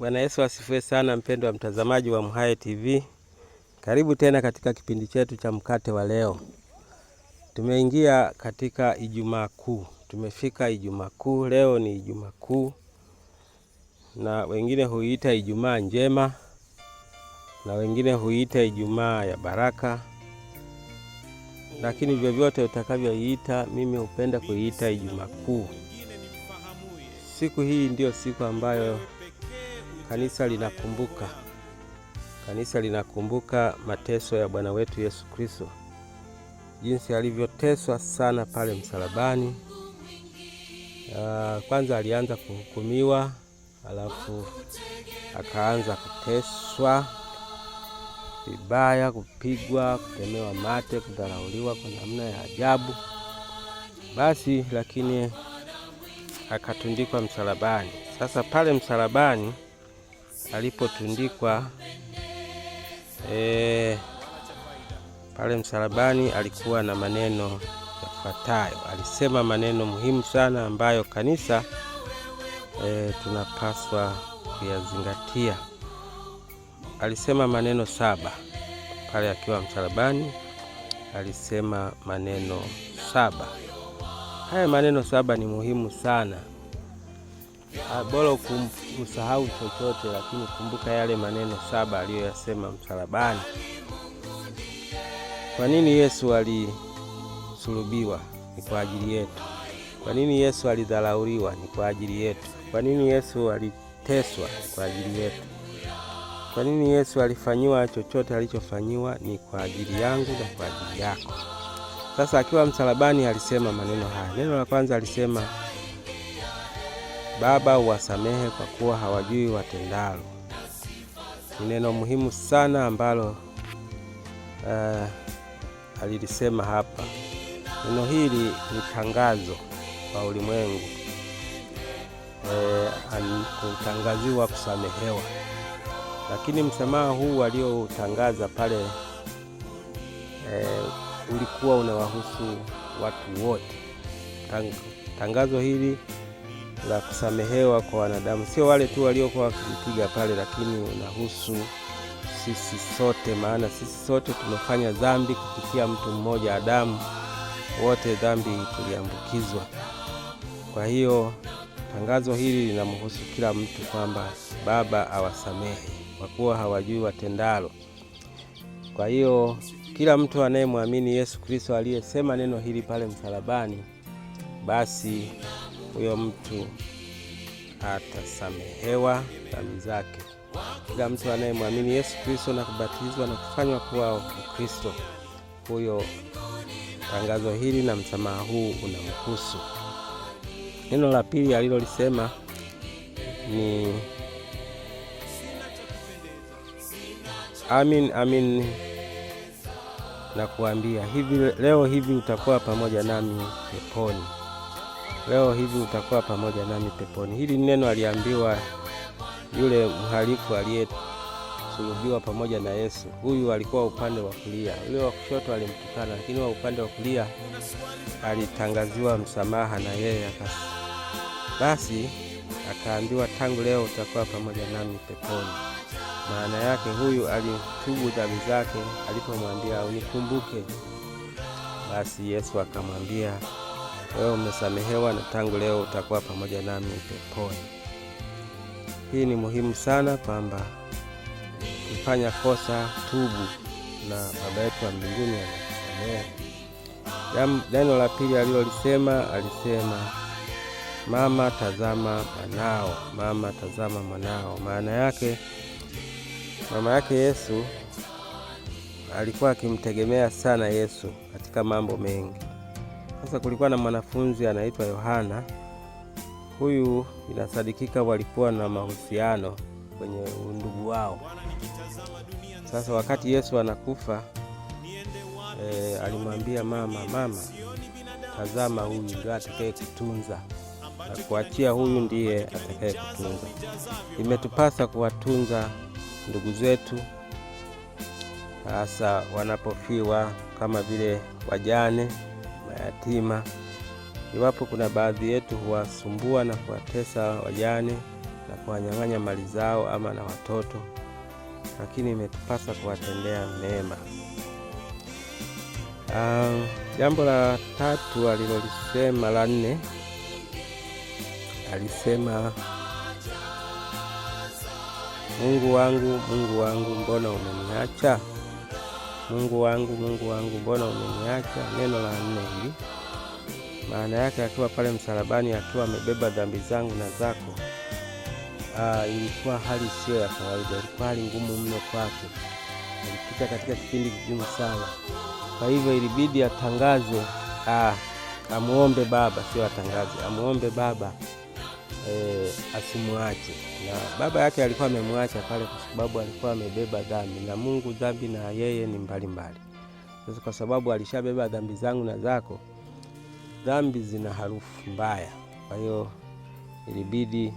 Bwana Yesu asifiwe sana, mpendo wa mtazamaji wa MHAE TV, karibu tena katika kipindi chetu cha mkate wa leo. Tumeingia katika Ijumaa Kuu, tumefika Ijumaa Kuu. Leo ni Ijumaa Kuu na wengine huiita Ijumaa njema na wengine huiita Ijumaa ya baraka, lakini vyovyote utakavyoiita, mimi hupenda kuiita Ijumaa Kuu. Siku hii ndiyo siku ambayo kanisa linakumbuka, kanisa linakumbuka mateso ya Bwana wetu Yesu Kristo, jinsi alivyoteswa sana pale msalabani. Uh, kwanza alianza kuhukumiwa, alafu akaanza kuteswa vibaya, kupigwa, kutemewa mate, kudharauliwa kwa namna ya ajabu. Basi lakini akatundikwa msalabani. Sasa pale msalabani alipotundikwa e, pale msalabani alikuwa na maneno yafuatayo. Alisema maneno muhimu sana ambayo kanisa e, tunapaswa kuyazingatia. Alisema maneno saba pale akiwa msalabani, alisema maneno saba. Haya maneno saba ni muhimu sana Ah, bora kusahau chochote, lakini kumbuka yale maneno saba aliyoyasema msalabani. Kwa nini Yesu alisulubiwa? Ni kwa ajili yetu. Kwa nini Yesu alidhalauriwa? Ni kwa ajili yetu. Kwa nini Yesu aliteswa? Ni kwa ajili yetu. Kwa nini Yesu alifanyiwa chochote alichofanyiwa? Ni kwa ajili yangu na kwa ajili yako. Sasa akiwa msalabani alisema maneno haya. Neno la kwanza alisema Baba uwasamehe kwa kuwa hawajui watendalo. Ni neno muhimu sana ambalo uh, alilisema hapa. Neno hili ni tangazo kwa ulimwengu, eh, kutangaziwa e, kusamehewa. Lakini msamaha huu alioutangaza pale e, ulikuwa unawahusu watu wote. Tangazo hili la kusamehewa kwa wanadamu, sio wale tu waliokuwa wakimpiga pale, lakini unahusu sisi sote, maana sisi sote tumefanya dhambi kupitia mtu mmoja Adamu, wote dhambi tuliambukizwa. Kwa hiyo tangazo hili linamhusu kila mtu kwamba Baba awasamehe kwa kuwa hawajui watendalo. Kwa hiyo kila mtu anayemwamini Yesu Kristo aliyesema neno hili pale msalabani, basi huyo mtu atasamehewa dhambi zake. Kila mtu anayemwamini Yesu Kristo na kubatizwa na kufanywa kuwa Mkristo, huyo tangazo hili na msamaha huu unamhusu. Neno la pili alilolisema ni amin, amin na kuambia hivi, leo hivi utakuwa pamoja nami peponi leo hivi utakuwa pamoja nami peponi. Hili neno aliambiwa yule mhalifu aliyesulubiwa pamoja na Yesu. Huyu alikuwa upande wa kulia, yule wa kushoto alimtukana, lakini wa upande wa kulia alitangaziwa msamaha na yeye akasi. Basi akaambiwa tangu leo utakuwa pamoja nami peponi. Maana yake huyu alitubu dhambi zake alipomwambia unikumbuke. Basi Yesu akamwambia wewe umesamehewa na tangu leo utakuwa pamoja nami peponi. Hii ni muhimu sana kwamba kifanya kosa tubu, na baba yetu wa mbinguni anakusamehe. Neno la pili alilolisema alisema, mama tazama mwanao, mama tazama mwanao. Maana yake mama yake Yesu alikuwa akimtegemea sana Yesu katika mambo mengi sasa kulikuwa na mwanafunzi anaitwa Yohana. Huyu inasadikika walikuwa na mahusiano kwenye undugu wao. Sasa wakati Yesu anakufa, e, alimwambia mama, mama, tazama huyu ndio atakaye kutunza na kuachia, huyu ndiye atakaye kutunza. Imetupasa kuwatunza ndugu zetu hasa wanapofiwa kama vile wajane yatima Iwapo kuna baadhi yetu huwasumbua na kuwatesa wajane na kuwanyang'anya mali zao ama na watoto, lakini imetupasa kuwatendea mema. Uh, jambo la tatu alilolisema, la nne alisema, Mungu wangu, Mungu wangu, mbona umeniacha? Mungu wangu, Mungu wangu, mbona umeniacha? Neno la nne hili maana yake akiwa pale msalabani, akiwa amebeba dhambi zangu na zako. Aa, ah, ilikuwa hali sio ya kawaida, ilikuwa hali ngumu mno kwake. Alipita katika kipindi kigumu sana, kwa hivyo ilibidi atangaze, ah, amuombe Baba, sio atangaze, amuombe Baba e, asimwache, na baba yake alikuwa amemwacha pale kwa sababu alikuwa amebeba dhambi, na Mungu dhambi na yeye ni mbalimbali. Sasa kwa sababu alishabeba dhambi zangu na zako, dhambi zina harufu mbaya, kwa hiyo ilibidi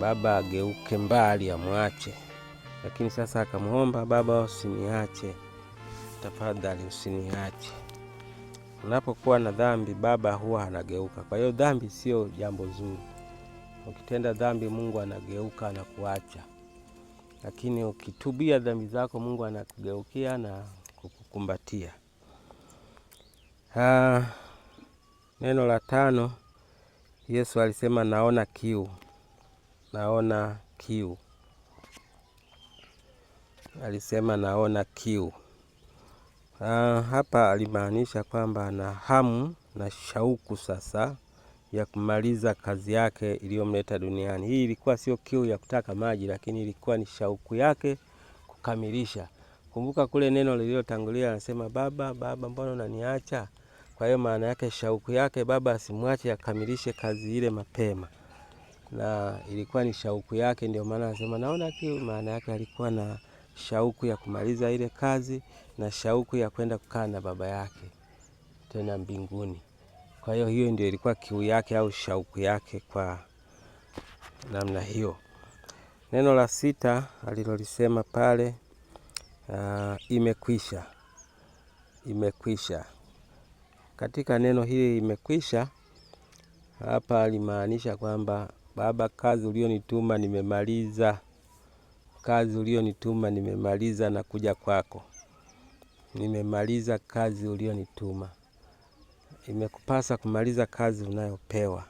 baba ageuke mbali, amwache. Lakini sasa akamwomba baba, usiniache tafadhali, usiniache. Unapokuwa na dhambi, baba huwa anageuka. Kwa hiyo dhambi sio jambo zuri. Ukitenda dhambi Mungu anageuka na kuacha, lakini ukitubia dhambi zako Mungu anakugeukia na kukukumbatia. Ah, neno la tano, Yesu alisema naona kiu, naona kiu, alisema naona kiu. Ah, hapa alimaanisha kwamba ana hamu na shauku sasa ya kumaliza kazi yake iliyomleta duniani. Hii ilikuwa sio kiu ya kutaka maji, lakini ilikuwa ni shauku yake kukamilisha. Kumbuka kule neno lililotangulia anasema, baba baba, mbona unaniacha? Kwa hiyo maana yake shauku yake baba asimwache, akamilishe kazi ile mapema, na ilikuwa ni shauku yake. Ndio maana anasema naona kiu, maana yake alikuwa na shauku ya kumaliza ile kazi na shauku ya kwenda kukaa na baba yake tena mbinguni. Kwa hiyo hiyo ndio ilikuwa kiu yake au shauku yake kwa namna hiyo. Neno la sita alilolisema pale uh, imekwisha. Imekwisha. Katika neno hili imekwisha, hapa alimaanisha kwamba Baba, kazi ulionituma nimemaliza, kazi ulionituma nimemaliza na kuja kwako, nimemaliza kazi ulionituma imekupasa kumaliza kazi unayopewa.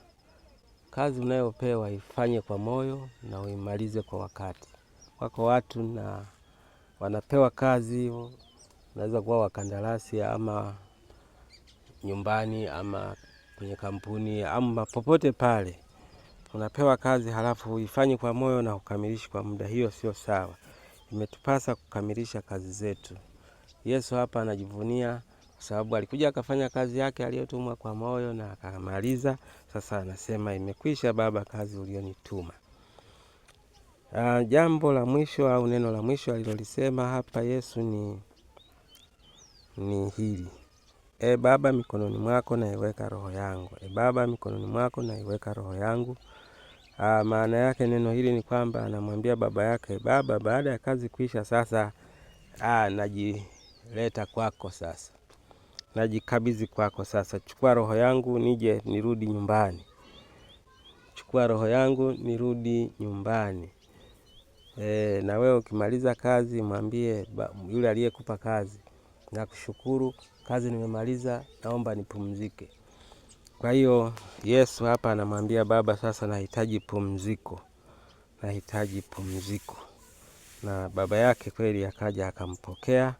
Kazi unayopewa ifanye kwa moyo na uimalize kwa wakati. Wako watu na wanapewa kazi, unaweza kuwa wakandarasi ama nyumbani ama kwenye kampuni ama popote pale, unapewa kazi halafu uifanye kwa moyo na ukamilishi kwa muda, hiyo sio sawa. Imetupasa kukamilisha kazi zetu. Yesu hapa anajivunia kwa sababu alikuja akafanya kazi yake aliyotumwa kwa moyo na akamaliza. Sasa anasema imekwisha Baba kazi ulionituma. Uh, jambo la mwisho au neno la mwisho alilolisema hapa Yesu ni, ni hili E Baba, mikononi mwako naiweka roho yangu. E Baba, mikononi mwako naiweka roho yangu. Uh, maana yake neno hili ni kwamba anamwambia baba yake, Baba, baada ya kazi kuisha sasa, ah, najileta kwako sasa najikabidhi kwako sasa. Chukua roho yangu nije nirudi nyumbani, chukua roho yangu nirudi nyumbani. E, na wewe ukimaliza kazi mwambie yule aliyekupa kazi, nakushukuru, kazi nimemaliza, naomba nipumzike. Kwa hiyo Yesu hapa anamwambia Baba, sasa nahitaji pumziko, nahitaji pumziko. Na baba yake kweli akaja akampokea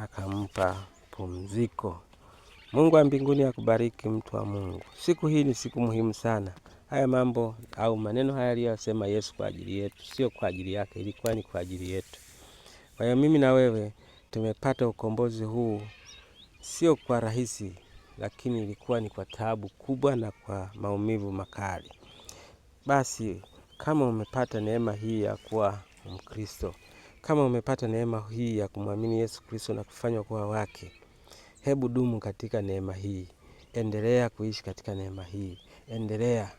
akampa mapumziko. Mungu wa mbinguni akubariki mtu wa Mungu. Siku hii ni siku muhimu sana. Haya mambo au maneno haya aliyosema Yesu kwa ajili yetu, sio kwa ajili yake, ilikuwa ni kwa ajili yetu. Kwa hiyo mimi na wewe tumepata ukombozi huu, sio kwa rahisi, lakini ilikuwa ni kwa taabu kubwa na kwa maumivu makali. Basi kama umepata neema hii ya kuwa Mkristo, kama umepata neema hii ya kumwamini Yesu Kristo na kufanywa kuwa wake Hebu dumu katika neema hii, endelea kuishi katika neema hii, endelea,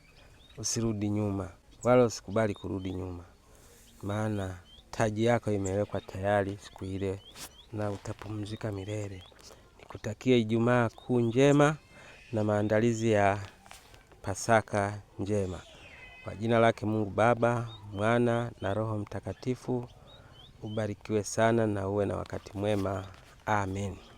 usirudi nyuma, wala usikubali kurudi nyuma, maana taji yako imewekwa tayari siku ile, na utapumzika milele. Nikutakie Ijumaa Kuu njema na maandalizi ya Pasaka njema. Kwa jina lake Mungu Baba, Mwana na Roho Mtakatifu, ubarikiwe sana na uwe na wakati mwema. Amen.